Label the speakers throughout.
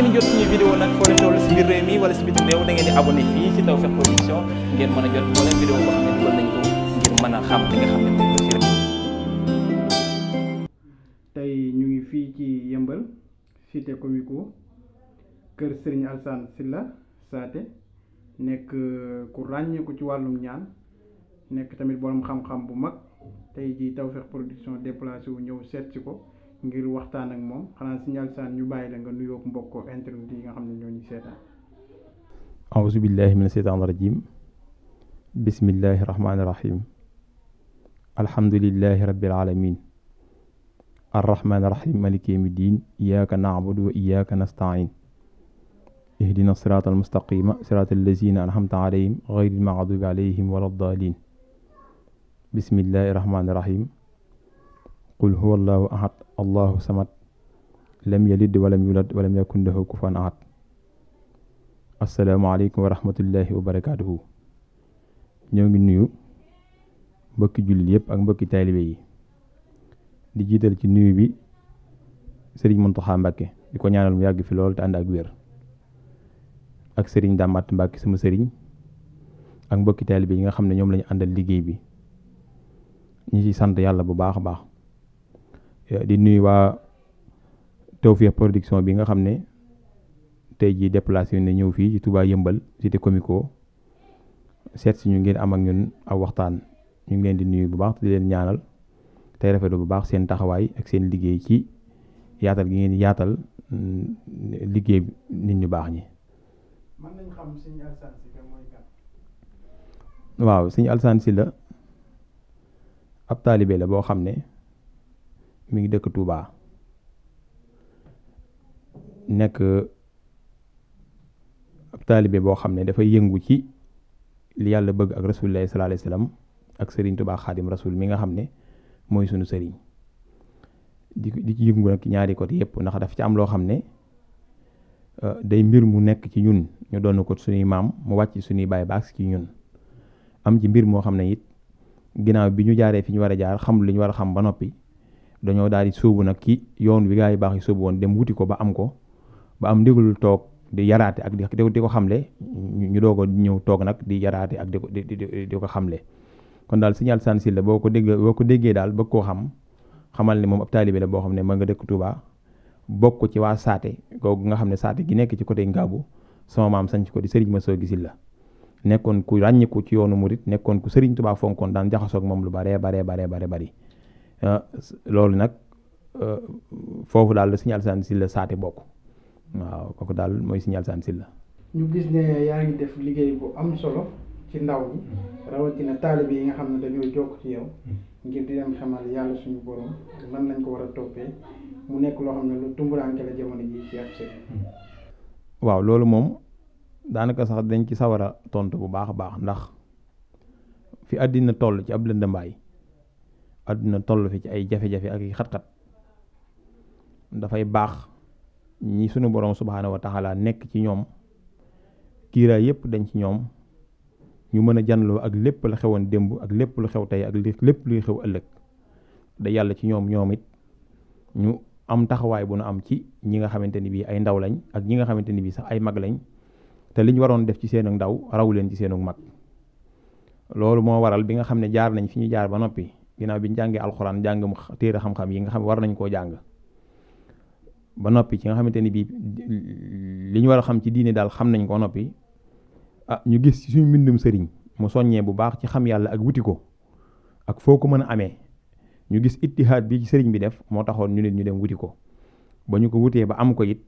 Speaker 1: ngeen jot suñu vidéo nag foo leen toll si biir réew mi wala si biti réew da ngeen di abonné fii si Tawfekh Production ngeen mën a jot moo xam ne dugal xam li nga xam ne moom la tey ñu ngi fii ci yëmbal cité comico kër Serigne si la Saate nekk euh, ku ràññeeku ci wàllum ñaan nekk tamit borom xam-xam bu mag tey jii Tawfekh Production déplacé wu ñëw seet si ko. ngir waxtaan ak moom xanaa signal saan ñu bàyyi la nga nuyoog mbokk internet yi nga xam ne ñoo ñu seetaan auzu billahi min seytaan rajim bismillahi rahmaani rahim alhamdulillahi rabbil alamin arrahmaani rahim maliki yawmi diin iyyaka na'budu wa iyyaka nasta'in ihdina siratal mustaqima siratal lazina an'amta alayhim ghayril maghdubi alayhim waladdaalin bismillahi rahmaani rahim qul huwa allahu ahad allahu samad lam yalid walam yulad walam yakun lahu kufuwan ahad asalaamaaleykum wa rahmatullahi wa barakaatuhu ñoo ngi nuyu mbokki jullit yépp ak mbokki taalibe yi di jiital ci nuyu bi sëriñ Muntaxa Mbàkke di ko ñaanal mu yàgg fi lool te ànd ak wér ak sëriñ Damat Mbàkke sama sëriñ ak mbokki taalibe yi nga xam ne ñoom lañu àndal liggéey bi ñu ci sant yàlla bu baax a baax Eh, di nuyu waa Tawfekh Production bi nga xam ne tey jii déplacé wu ne ñëw fii ci Touba Yëmbal cité Comico seet si ñu ngeen am ak ñun aw waxtaan ñu ngi leen di nuyu bu baax di leen ñaanal te rafetlu bu baax seen taxawaay ak seen liggéey ci yaatal gi ngeen yaatal mm, liggéey nit ñu baax ñi. waaw sëñ Alsaan si la ab taalibe la boo xam ne. mi ngi dëkk Touba nekk ab taalibe boo xam ne dafay yëngu ci li yàlla bëgg ak rasulilah sallallahu alayhi ak sëriñ Touba Xaadim rasul mi nga xam ne mooy sunu sëriñ di di ci yëngu nag ñaari côté yépp ndax daf ci am loo xam ne euh, day mbir mu nekk ci ñun ñu doon ko suñuy maam mu wàcc suñuy baay baax ci ñun am ci mbir moo xam ne it ginnaaw bi ñu jaaree fi ñu war a jaar xam lu ñu war a xam ba noppi dañoo daal di suubu nag ki yoon wi gaa yi baax yi sóobu woon dem wuti ko ba am ko ba am ndigalul toog di yaraate ak di ko xam xamle ñu doo ko ñëw toog nag di yaraate ak di ko xam le ko kon daal signal san silla boo ko déggee boo ko déggee daal bëgg koo xam xamal ne moom ab taalibe la boo xam ne ma nga dëkk Touba bokk ci waa saate googu nga xam ne saate gi nekk ci ko côté Ngaabu sama maam sanc ko di sëriñ ma Massoo gisil la nekkoon ku ràññiku ci yoonu murit nekkoon ku Serigne Touba fonkoon daan jaxasoog moom lu bare bare bare bare bari Euh, loolu nag euh, foofu daal la Serigne Alassane Sylla saate bokk waaw kooku daal mooy Serigne Alassane Sylla ñu gis ne yaa ngi def liggéey bu am solo ci ndaw ñi rawatina taalibe yi nga xam ne dañoo jokk ci yow ngir di dem xamal yàlla suñu borom man lañ ko war a toppee mu nekk loo xam ne lu tumburanke la jamono ji ci ab sëy waaw loolu moom daanaka sax dañ ci sawar a tontu bu baax a baax ndax fi àddina toll ci ab lëndëmbaay àdduna toll fi ci ay jafe-jafe ak yi xat-xat dafay baax ñi sunu borom subhaanahu wa taala nekk ci ñoom kiiraay yépp dañ ci ñoom ñu mën a janloo ak lépp la xewoon démb ak lépp lu xew tey ak lépp luy xew ëllëg da yàlla ci ñoom ñoom it ñu am taxawaay bu nu am ci ñi nga xamante ni bii ay ndaw lañ ak ñi nga xamante ni bii sax ay mag lañ te liñ waroon def ci seen ndaw raw leen ci seenu mag loolu moo waral bi nga xam ne jaar nañ fi ñu jaar ba noppi ginnaaw bi ñu jàngee alxuraan jàngam téere xam-xam yi nga xam war nañ koo jàng ba noppi ci nga xamante ni bii li ñu war a xam ci diine daal xam nañ ko noppi ah ñu gis ci suñu mbindum sëriñ mu soññee bu baax ci xam yàlla ak wuti ko ak foo ko mën a amee ñu gis ittihaad bi ci sëriñ bi def moo taxoon ñu nit ñu dem wuti ko ba ñu ko wutee ba am ko it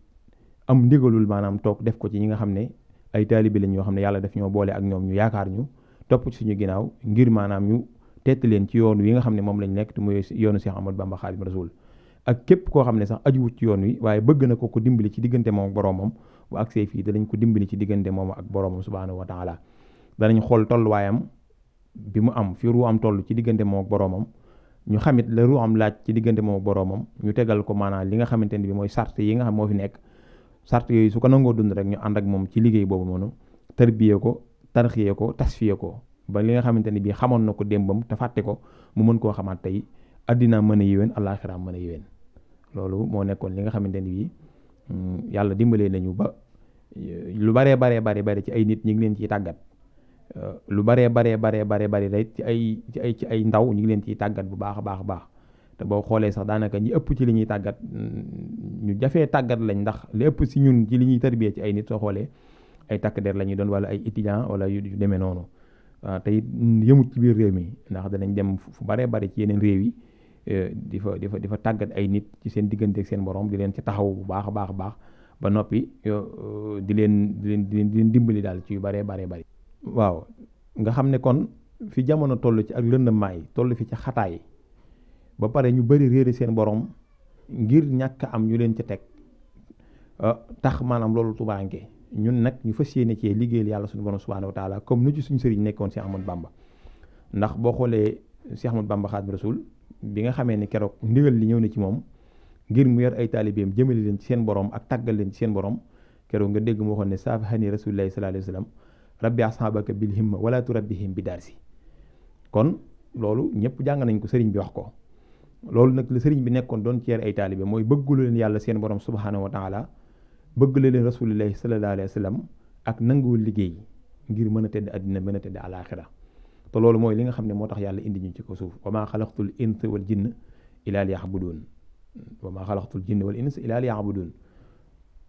Speaker 1: am ndigalul maanaam toog def ko ci ñi nga xam ne ay taalibe lañ yoo xam ne yàlla daf ñoo boole ak ñoom ñu yaakaar ñu topp ci suñu ginnaaw ngir maanaam ñu teet leen ci yoon wi nga xam ne moom lañ nekk te muy yoonu Cheikh Amadou Bamba Xaadimu Rasuul ak képp koo xam ne sax ajuwut ci yoon wi waaye bëgg na ko ko dimbali ci diggante moom ak boroomam bu agsee danañ ko dimbali ci diggante moom ak boroomam subhaanahu wa taala danañ xool tolluwaayam bi mu am fiir ru am tollu ci diggante moom ak boroomam ñu xamit la ru am laaj ci diggante moom ak boroomam ñu tegal ko maanaam li nga xamante ne bi mooy sart yi nga xam moo fi nekk sart yooyu su ko nangoo dund rek ñu ànd ak moom ci liggéey boobu noonu tarbiyee ko tarxiyee ko tasfiyee ko ba li nga xamante ne bii xamoon na ko démbam te fàtte ko mu mën koo xamaat tey addinaa mën a yéwén àllaaxira mën a yéwén loolu moo nekkoon li nga xamante ne bii mm, yàlla dimbalee nañu ba lu baree baree baree bare ci ay nit ñu ngi leen ciy tàggat lu baree baree baree baree bare day ci ay ci ay ci ay ndaw ñu ngi leen ciy tàggat bu baax a baax a baax te boo xoolee sax daanaka ñi ëpp ci li ñuy tàggat mm, ñu jafee tàggat lañ ndax li ëpp si ñun ci li ñuy tarbiyee ci ay nit soo xoolee ay takk der la ñuy doon wala ay étudiant wala yu demee noonu Euh, te it yëmut ci biir réew mi ndax danañ dem fu baree bari ci yeneen réew yi euh, di fa di fa di fa tàggat ay nit ci seen diggante ak seen borom di leen ci taxaw bu baax a baax a baax ba noppi euh, di leen di leen di leen dimbali daal ci yu baree baree bari. waaw nga xam ne kon fi jamono toll ci ak lëndëmaay yi toll fi ci xataay ba pare ñu bari réere seen borom ngir ñàkk am ñu leen ca teg tax maanaam loolu tubaanke ñun nag ñu fas ne cee liggéeyal yàlla suñu borom subhanahu wa taala comme nu ci suñu sëriñ nekkoon si Ahmad Bamba ndax boo xoolee si Ahmad Bamba Xaadimu Rasuul bi nga xamee ne keroog ndigal li ñëw na ci moom ngir mu yar ay taalibeem jëmale leen ci seen borom ak tàggal leen ci seen borom keroog nga dégg mu waxoon ne saafahani rasulillahi sallallahu alayhi wa sallam rabbi ashabaka bil himma wala turabbihim bi daar si kon loolu ñëpp jàng nañ ko sëriñ bi ko loolu nag la sëriñ bi doon ci mooy bëggulu leen yàlla seen borom subhanahu wa taala bëgg la leen rasulillahi sallallahu alayhi wa sallam ak nangoo liggéey ngir mën a tedd àddina mën a tedd alaxira te loolu mooy li nga xam ne moo tax yàlla indi ñu ci ko suuf wa maa xalaqtul insa wal jinna ilaa liya'buduun wa maa xalaqtul jinna wal insa ilaa liya'buduun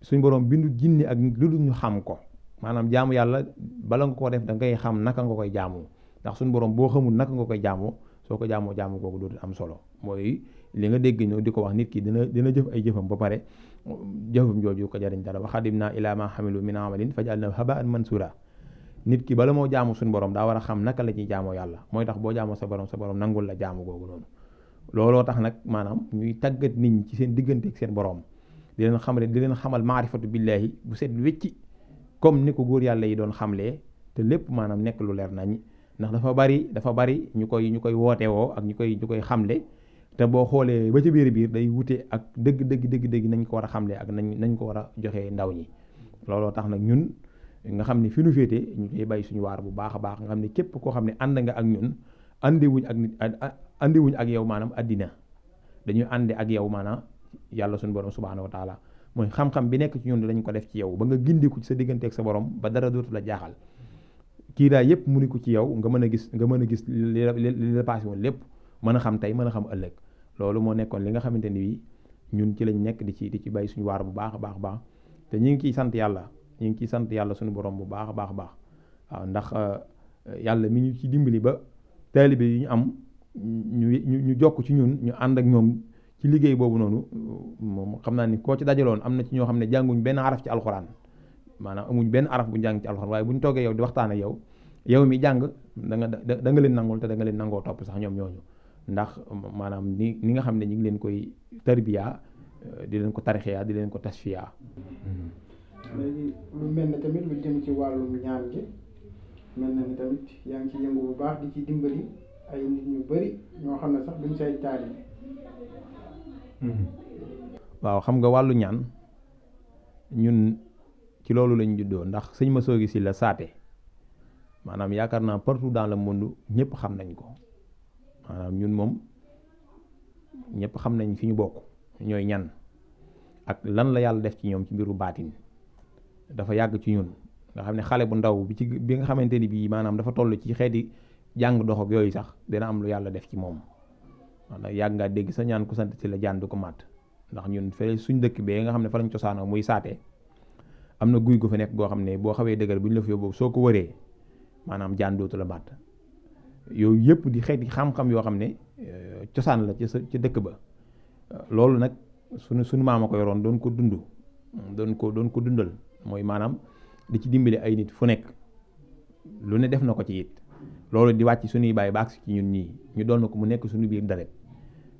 Speaker 1: suñ borom bindu jinni ak lu dul ñu xam ko maanaam jaamu yàlla bala nga koo def da ngay xam naka nga koy jaamu ndax suñu borom boo xamul naka nga koy jaamoo soo ko jaamoo jaamu kooku dootul am solo mooy li nga dégg ñëw di ko wax nit ki dana dana jëf ay jëfam ba pare jëfum jooju ko jariñ dara wa xadimna ila ma xamilu min amalin fajalna habaan mansura nit ki bala moo jaamu suñu borom daa war a xam naka la ñuy jaamoo yàlla mooy tax boo jaamoo sa borom sa borom nangul la jaamu googu noonu looloo tax nag maanaam ñuy tàggat nit ñi ci seen diggante ak seen borom di leen di leen xamal maarifatu billaahi bu set wecci comme ni ko góor yàlla yi doon xamlee te lépp maanaam nekk lu leer nañ ndax dafa bari dafa bari ñu koy ñu koy woote woo ak ñu koy ñu koy xamle te boo xoolee ba ci biir biir day wute ak dëgg dëgg dëgg dëgg nañ ko war a xamle ak nañ nañ ko war a joxee ndaw ñi looloo tax nag ñun nga xam ni fi nu féete ñu koy bàyyi suñu waar bu baax a baax nga xam ne képp koo xam ne ànd nga ak ñun àndewuñ ak nit àndewuñ ak yow maanaam àddina dañuy àndi ak yow maanaam yàlla suñu borom subhaanahu wa taala mooy xam-xam bi nekk ci ñun lañu ko def ci yow ba nga gindiku ci sa diggante ak sa borom ba dara dootu la jaaxal kii daay yëpp mu ni ko ci yow nga mën a gis nga mën a gis li la mën a xam tey mën a xam ëllëg loolu moo nekkoon li nga xamante ni bii ñun ci lañ nekk di ci di ci bàyyi suñu waar bu baax a baax baax te ñu ngi ciy sant yàlla ñu ngi ciy sant yàlla suñu borom bu baax a baax baax waaw ndax euh, yàlla mi ñu ci dimbali ba taalibe yi ñu am ñu ñu jokk ci ñun ñu ànd ak ñoom ci liggéey boobu noonu moom xam naa ni koo ci dajaloon am na ci ñoo xam ne jànguñ benn araf ci alxuraan maanaam amuñ benn araf bu jàng ci alxuraan waaye bu ñu toogee yow di waxtaan ak yow yow mi jàng da nga da nga leen nangul te da nga leen nangoo topp sax ñoom ñooñu ndax maanaam ni ni nga xam ne ñu ngi leen koy tarbiya euh, di leen ko tarixiya di leen ko tasfiya hmm. léegi lu mel ne tamit lu jëm ci wàllum ñaan gi mel na ni tamit yaa ngi ci yëngu bu baax di ci dimbali ay nit ñu bari ñoo xam ne sax duñ say taalibe hmm. waaw xam nga wàllu ñaan ñun ci loolu lañ juddoo ndax sëñ ma soogi si la saate maanaam yaakaar naa partout dans le monde ñëpp xam nañ ko maanaam ñun moom ñëpp xam nañ fi ñu bokk ñooy ñan ak lan la yàlla def ci ñoom ci mbiru baatin dafa yàgg ci ñun nga xam ne xale bu ndaw bi ci bi nga xamante ni bii maanaam dafa toll ci xeeti jàng dox yooyu sax dina am lu yàlla def ci moom maanaam yàgg ngaa dégg sa ñaan ku sant si la jaan du ko màtt ndax ñun fële suñ dëkk bee nga xam ne fa lañ cosaanoo muy saatee am na guy gu fa nekk goo xam ne boo xawee dëgër buñ ñu la fa yóbbu soo ko wëree maanaam jaan dootu la màtt yooyu yëpp di xeeti xam-xam yoo xam ne euh, cosaan la ca sa ca dëkk ba euh, loolu nag sunu sunu maama ko yoroon doon ko dund doon ko doon ko dundal mooy maanaam di ci dimbale ay nit fu nekk lu ne def na ko ci it loolu di wàcc suñuy bàyyi baax ci ñun nii ñu doon na ko mu nekk suñu biir deret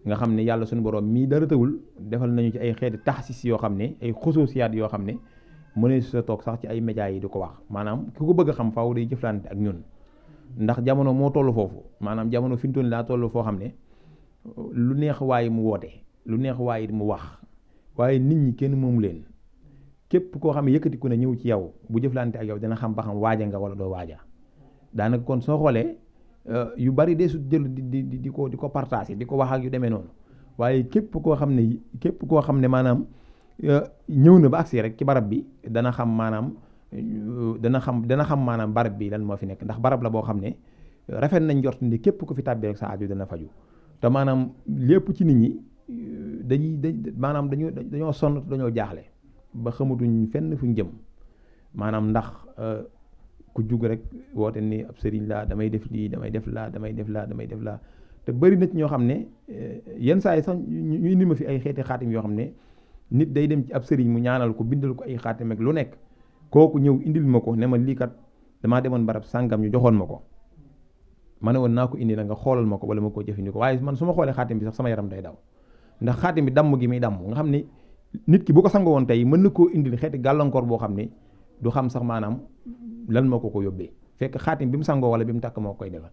Speaker 1: nga xam ne yàlla suñu borom mii dara tawul defal nañu ci ay xeeti taxsis yoo xam ne ay xusuusiyaat yoo xam ne mënees sa toog sax ci ay médias yi du ko wax maanaam ku ko bëgg xam faaw day jëflante ak ndax jamono moo toll foofu maanaam jamono fi mu toll daa toll foo xam ne lu neex waaye mu woote lu neex waaye mu wax waaye nit ñi kenn moomu leen képp koo xam ne yëkkati ku ne ñëw ci yow bu jëflante ak yow dina xam ba xam waaja nga wala doo waaja daanaka kon soo xoolee euh, yu bari dee su jël di di di ko di ko partager di ko wax ak yu demee noonu waaye képp koo xam ne képp koo xam ne maanaam euh, ñëw na ba agsi rek ci barab bi dana xam maanaam. Euh, dana xam dana xam maanaam barab bi lan moo fi nekk ndax barab la boo xam ne euh, rafet nañ njort ni képp ku fi tàbbi sa aju dana faju te maanaam lépp ci nit ñi euh, dañuy da maanaam dañoo dañoo sonn dañoo jaaxle ba xamatuñ fenn fuñ jëm maanaam ndax ku jug rek woote ni ab sëriñ laa damay def lii damay def laa damay def laa damay def laa te bari na ñoo xam ne yenn saa yi sax ñuy indi ma fi ay xeeti xaatim yoo xam ne nit day dem ci ab sëriñ mu ñaanal ko bindal ko ay xaatim lu nekk kooku ñëw indil ma ko ne ma lii kat damaa demoon barab sàngam ñu joxoon ma ko ma ne woon naa ko indi na nga xoolal ma ko wala ma koo jëfandikoo waaye man su ma xoolee xaatim bi sax sama yaram day daw ndax xaatim bi damm gi muy damm nga xam ne nit ki bu ko sangoo woon tey mën na koo indil xeeti gàllankoor boo xam ne du xam sax maanaam lan ma ko ko yóbbee fekk xaatim bi mu sangoo wala bi mu tàkk moo koy defal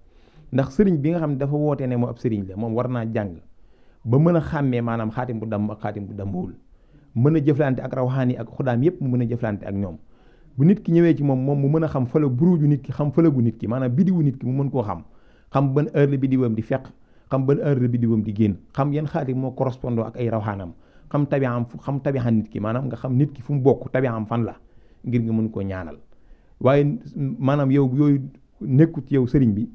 Speaker 1: ndax sëriñ bi nga xam ne dafa wootee ne moo ab sëriñ la moom war naa jàng ba mën a xàmmee maanaam xaatim bu damm ak xaatim bu dammuwul mën a jëflante ak rawxaan yi ak xudaam yépp mu mën a jëflante ak bu nit ki ñëwee ci moom moom mu mën a xam fële buruuju nit ki xam fële nit ki maanaam bidiwu nit ki mu mën koo xam xam ban heure la bidiwam di fekk xam ban heure la bidiwam di génn xam yan xaatim moo correspondoo ak ay rawxaanam xam tabiaam xam tabiaa nit ki maanaam nga xam nit ki fu mu bokk tabiaam fan la ngir nga mën koo ñaanal waaye maanaam yow yooyu ci yow sëriñ bi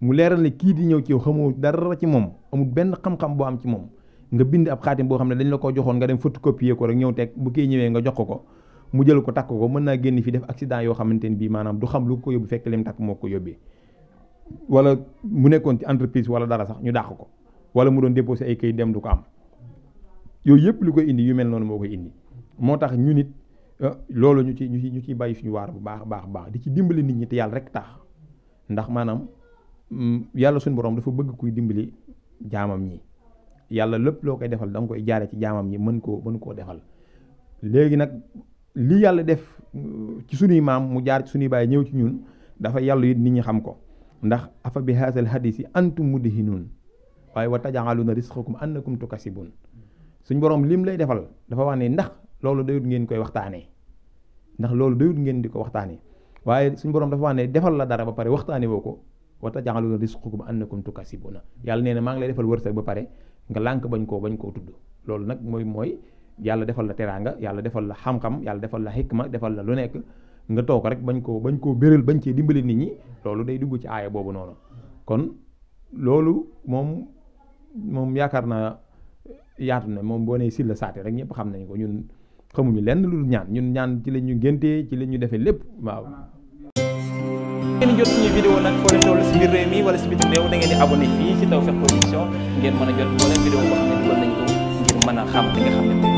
Speaker 1: mu leeral ne kii di ñëw ci yow xamoo dara ci moom amul benn xam-xam boo am ci moom nga bind ab xaatim boo xam ne dañ la ko joxoon nga dem photocopier ko rek ñëw teg bu kii ñëwee nga jox ko ko mu jël ko takk ko mën naa génn fi def accident yoo xamante ni bii maanaam du xam lu ko yóbbu fekk lim takk moo ko yóbbee wala mu nekkoon ci entreprise wala dara sax ñu dàq ko wala mu doon déposé ay kayit dem du ko am yooyu yëpp lu koy indi yu mel noonu moo koy indi moo tax ñu nit euh, loolu ñu ci ñu ci ñu ciy bàyyi suñu waar bu baax baax baax di ci dimbali nit ñi te yàlla rek tax ndax maanaam mm, yàlla suñu borom dafa bëgg kuy dimbali jaamam ñi yàlla lépp loo koy defal da koy jaare ci jaamam ñi mën koo mën koo defal li yàlla def mm, ci sunuy maam mu jaar ci sunuy baay ñëw ci ñun dafa yàlla it nit ñi xam ko ndax afa bi haasal hadis yi antum mudhinun waaye wa tajaaluna risqakum annakum tukasibun suñ borom lim lay defal dafa wax ne ndax loolu dayut ngeen koy waxtaanee ndax loolu dayut ngeen di ko waxtaanee waaye suñ borom dafa wax ne defal la dara ba pare waxtaanee woo ko wa tajaaluna risqakum annakum tukasibuna yàlla nee na maa ngi lay defal wërsëg ba pare nga lànk bañ koo bañ koo tudd loolu nag mooy mooy. yàlla defal la teraanga yàlla defal la xam-xam yàlla defal la xikma defal la lu nekk nga toog rek bañ koo bañ koo béril bañ cee dimbali nit ñi loolu day dugg ci aaya boobu noonu kon loolu moom moom yaakaar naa yaatu na moom boo nee Sylla rek ñëpp xam nañ ko ñun xamuñu lenn lu ñun ñaan ci la géntee ci la defee lépp waaw. si biir réew a xam ne nga xam